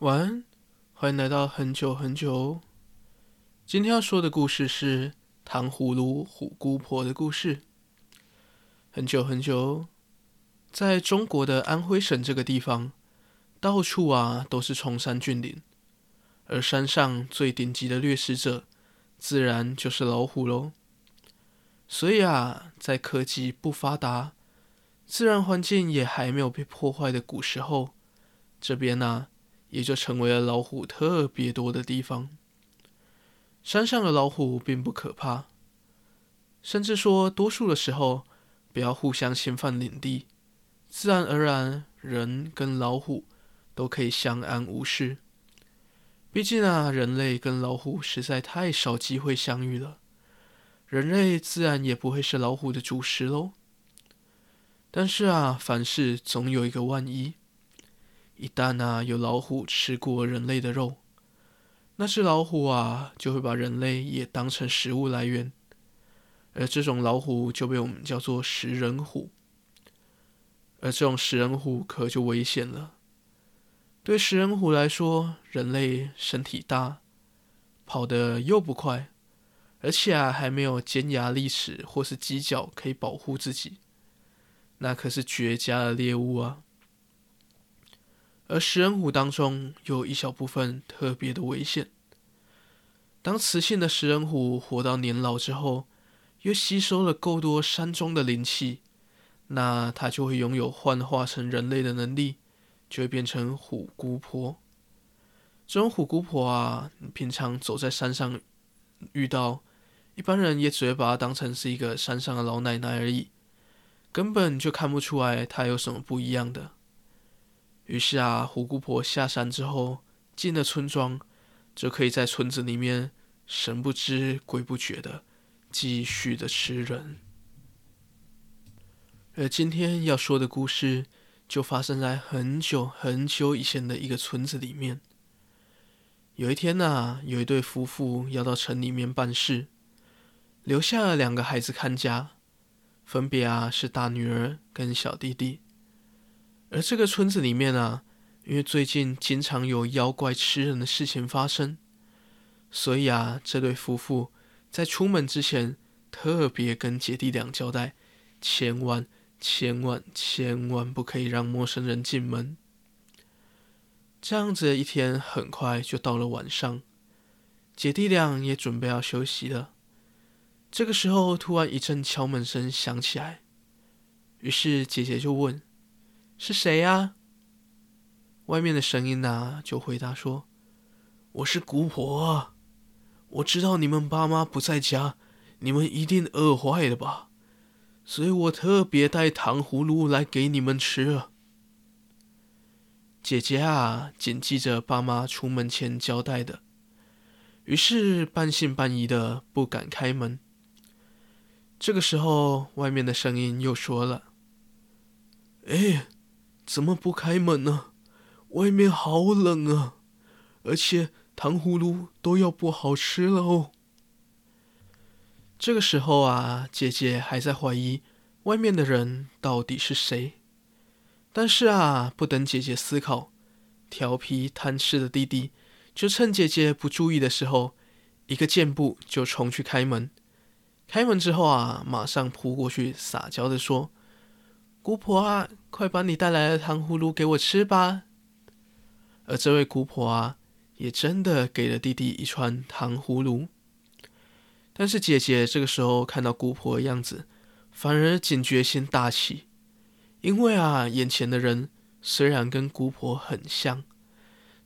晚安，歡迎來到很久很久哦。今天要說的故事是《糖葫蘆虎姑婆》的故事。很久很久，在中國的安徽省這個地方，到處啊都是崇山峻嶺，而山上最頂級的掠食者，自然就是老虎嘍。所以啊，在科技不發達、自然環境也還沒有被破壞的古時候，這邊呢啊。也就成為了老虎特別多的地方。山上的老虎並不可怕，甚至說多數的時候，不要互相侵犯領地，自然而然，人跟老虎都可以相安無事。畢竟啊，人類跟老虎實在太少機會相遇了，人類自然也不會是老虎的主食嘍。但是啊，凡事總有一個萬一。一旦啊有老虎吃過人類的肉，那隻老虎啊就會把人類也當成食物來源，而這種老虎就被我們叫做食人虎。而這種食人虎可就危險了。對食人虎來說，人類身體大，跑得又不快，而且啊還沒有尖牙利齒或是犄角可以保護自己，那可是絕佳的獵物啊。而食人虎當中有一小部分特別的危險。當雌性的食人虎活到年老之後，又吸收了夠多山中的靈氣，那它就會擁有幻化成人類的能力，就會變成虎姑婆。這種虎姑婆啊，平常走在山上遇到，一般人也只會把它當成是一個山上的老奶奶而已，根本就看不出來它有什麼不一樣的。於是啊，虎姑婆下山之後進了村莊，就可以在村子裡面神不知鬼不覺的繼續的吃人。而今天要說的故事，就發生在很久很久以前的一個村子裡面。有一天呢、啊，有一對夫婦要到城裡面辦事，留下了兩個孩子看家，分別啊是大女兒跟小弟弟。而這個村子裡面啊，因為最近經常有妖怪吃人的事情發生，所以啊，這對夫婦在出門之前特別跟姐弟倆交代：千萬、千萬、千萬不可以讓陌生人進門。這樣子的一天很快就到了晚上，姐弟倆也準備要休息了。這個時候，突然一陣敲門聲響起來，於是姐姐就問。是誰啊？外面的聲音呢、啊，就回答說：“我是姑婆啊。我知道你們爸媽不在家，你們一定餓壞了吧？所以我特別帶糖葫蘆來給你們吃。姐姐啊，謹記着爸媽出門前交代的，於是半信半疑的不敢開門。這個時候，外面的聲音又說了：“哎。”怎麼不開門呢、啊？外面好冷啊，而且糖葫蘆都要不好吃了哦。這個時候啊，姐姐還在懷疑外面的人到底是誰，但是啊，不等姐姐思考，調皮貪吃的弟弟就趁姐姐不注意的時候，一個箭步就衝去開門。開門之後啊，馬上撲過去撒嬌的說。姑婆啊，快把你帶來的糖葫蘆給我吃吧。而這位姑婆啊，也真的給了弟弟一串糖葫蘆。但是姐姐這個時候看到姑婆的樣子，反而警覺心大起，因為啊，眼前的人雖然跟姑婆很像，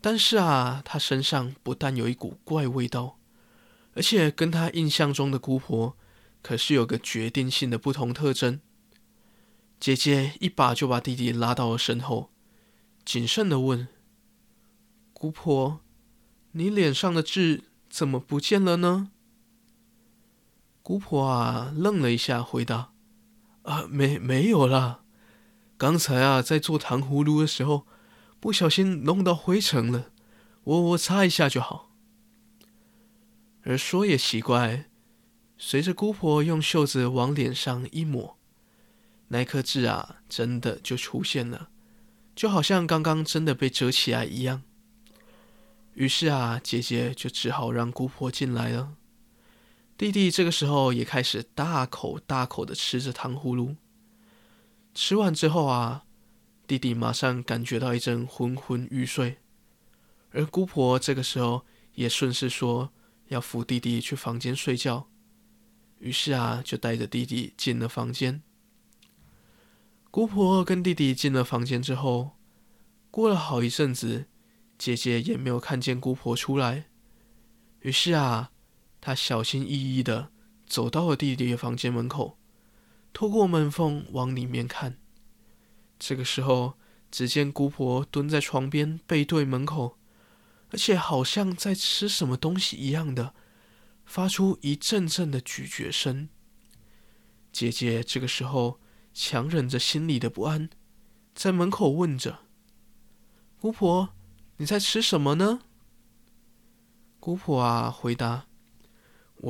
但是啊，她身上不但有一股怪味道，而且跟她印象中的姑婆可是有個決定性的不同特徵。姐姐一把就把弟弟拉到了身後，謹慎的問：“姑婆，你臉上的痣怎麼不見了呢？”姑婆啊，愣了一下，回答：“啊，沒沒有啦，剛才啊，在做糖葫蘆的時候，不小心弄到灰塵了，我我擦一下就好。”而說也奇怪，隨着姑婆用袖子往臉上一抹。那顆痣啊，真的就出現了，就好像剛剛真的被遮起來一樣。於是啊，姐姐就只好讓姑婆進來了。弟弟這個時候也開始大口大口地吃着糖葫蘆。吃完之後啊，弟弟馬上感覺到一陣昏昏欲睡。而姑婆這個時候也順勢說要扶弟弟去房間睡覺。於是啊，就帶着弟弟進了房間。姑婆跟弟弟進了房間之後，過了好一陣子，姐姐也沒有看見姑婆出來。於是啊，她小心翼翼的走到了弟弟的房間門口，透過門縫往裡面看。這個時候，只見姑婆蹲在床邊，背對門口，而且好像在吃什麼東西一樣的，發出一陣陣的咀嚼聲。姐姐這個時候。強忍着心裡的不安，在門口問着：“姑婆，你在吃什麼呢？”姑婆啊，回答：“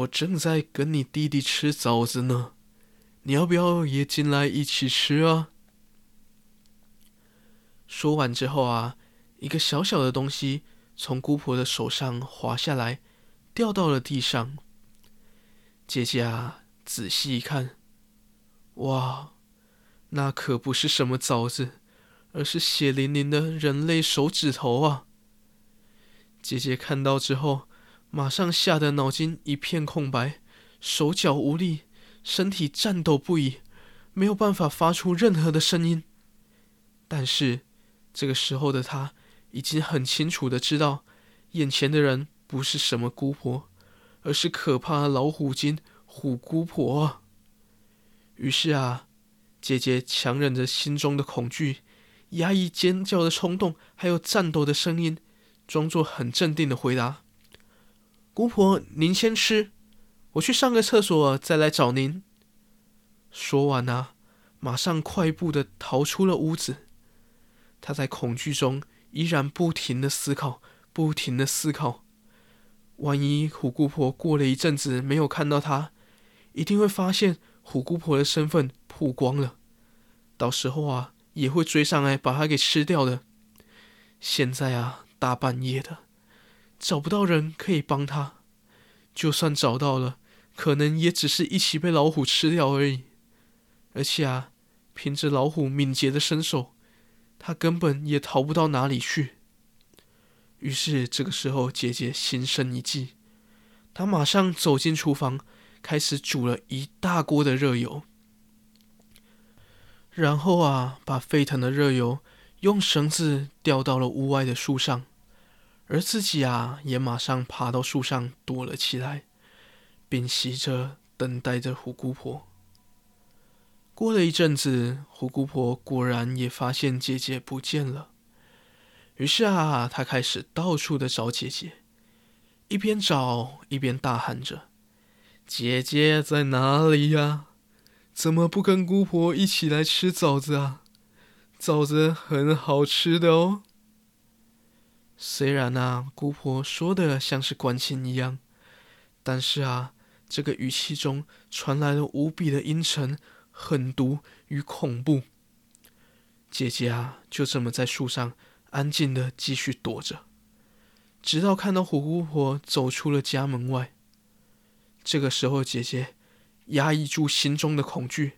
我正在跟你弟弟吃棗子呢，你要不要也進來一起吃啊？”說完之後啊，一個小小的東西從姑婆的手上滑下來，掉到了地上。姐姐啊，仔細一看，哇！那可不是什麼棗子，而是血淋淋的人類手指頭啊！姐姐看到之後，馬上嚇得腦筋一片空白，手腳無力，身體顫抖不已，沒有辦法發出任何的聲音。但是，這個時候的她已經很清楚的知道，眼前的人不是什麼姑婆，而是可怕的老虎精虎姑婆啊。於是啊。姐姐強忍着心中的恐懼，壓抑尖叫的衝動，還有顫抖的聲音，裝作很鎮定的回答：“姑婆，您先吃，我去上個廁所，再來找您。”說完呢，馬上快步的逃出了屋子。她在恐懼中依然不停的思考，不停的思考。萬一虎姑婆過了一陣子沒有看到她，一定會發現虎姑婆的身份。曝光了，到時候啊也會追上來把他給吃掉的。現在啊，大半夜的，找不到人可以幫他，就算找到了，可能也只是一起被老虎吃掉而已。而且啊，憑着老虎敏捷的身手，他根本也逃不到哪裡去。於是這個時候，姐姐心生一計，她馬上走進廚房，開始煮了一大鍋的熱油。然後啊，把沸騰的熱油用繩子吊到了屋外的樹上，而自己啊也馬上爬到樹上躲了起來，屏息着等待着虎姑婆。過了一陣子，虎姑婆果然也發現姐姐不見了，於是啊，她開始到處的找姐姐，一邊找一邊大喊着：“姐姐在哪裡呀、啊？”怎麼不跟姑婆一起來吃棗子啊？棗子很好吃的哦。雖然吶、啊，姑婆說的像是關心一樣，但是啊，這個語氣中傳來了無比的陰沉、狠毒與恐怖。姐姐啊，就這麼在樹上安靜的繼續躲着，直到看到虎姑婆走出了家門外。這個時候，姐姐，壓抑住心中的恐懼，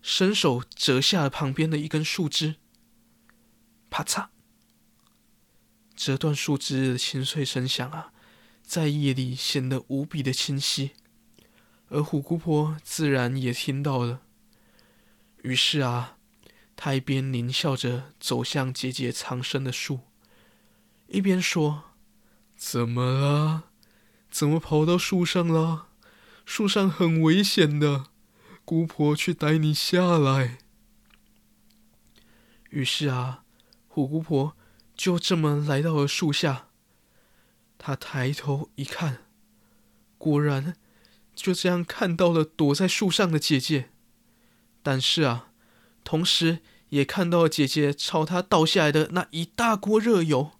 伸手折下了旁邊的一根樹枝。啪嚓！折斷樹枝的清脆聲響啊，在夜裡顯得無比的清晰。而虎姑婆自然也聽到了，於是啊，她一邊獰笑着走向姐姐藏身的樹，一邊說：“怎麼了？啊？怎麼跑到樹上了？”樹上很危險的，姑婆去帶你下來。於是啊，虎姑婆就這麼來到了樹下。她抬頭一看，果然就這樣看到了躲在樹上的姐姐。但是啊，同時也看到了姐姐朝她倒下來的那一大鍋熱油。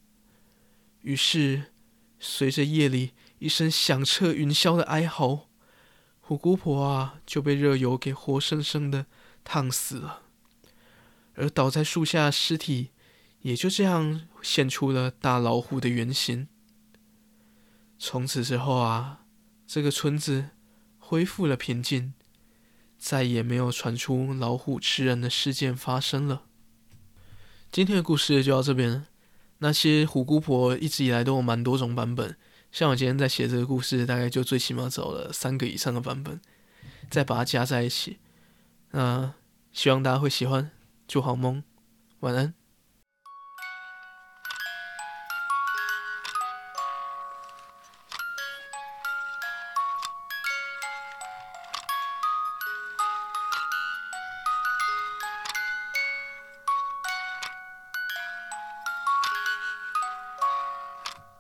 於是，隨着夜裡一聲響徹雲霄的哀嚎。虎姑婆啊，就被熱油給活生生的燙死了，而倒在樹下的屍體也就這樣現出了大老虎的原形。從此之後啊，這個村子恢復了平靜，再也沒有傳出老虎吃人的事件發生了。今天的故事就到這邊，那些虎姑婆一直以來都有蠻多種版本。像我今天在寫這個故事，大概就最起碼找了三個以上的版本，再把它加在一起。那、呃、希望大家會喜歡，祝好夢，晚安。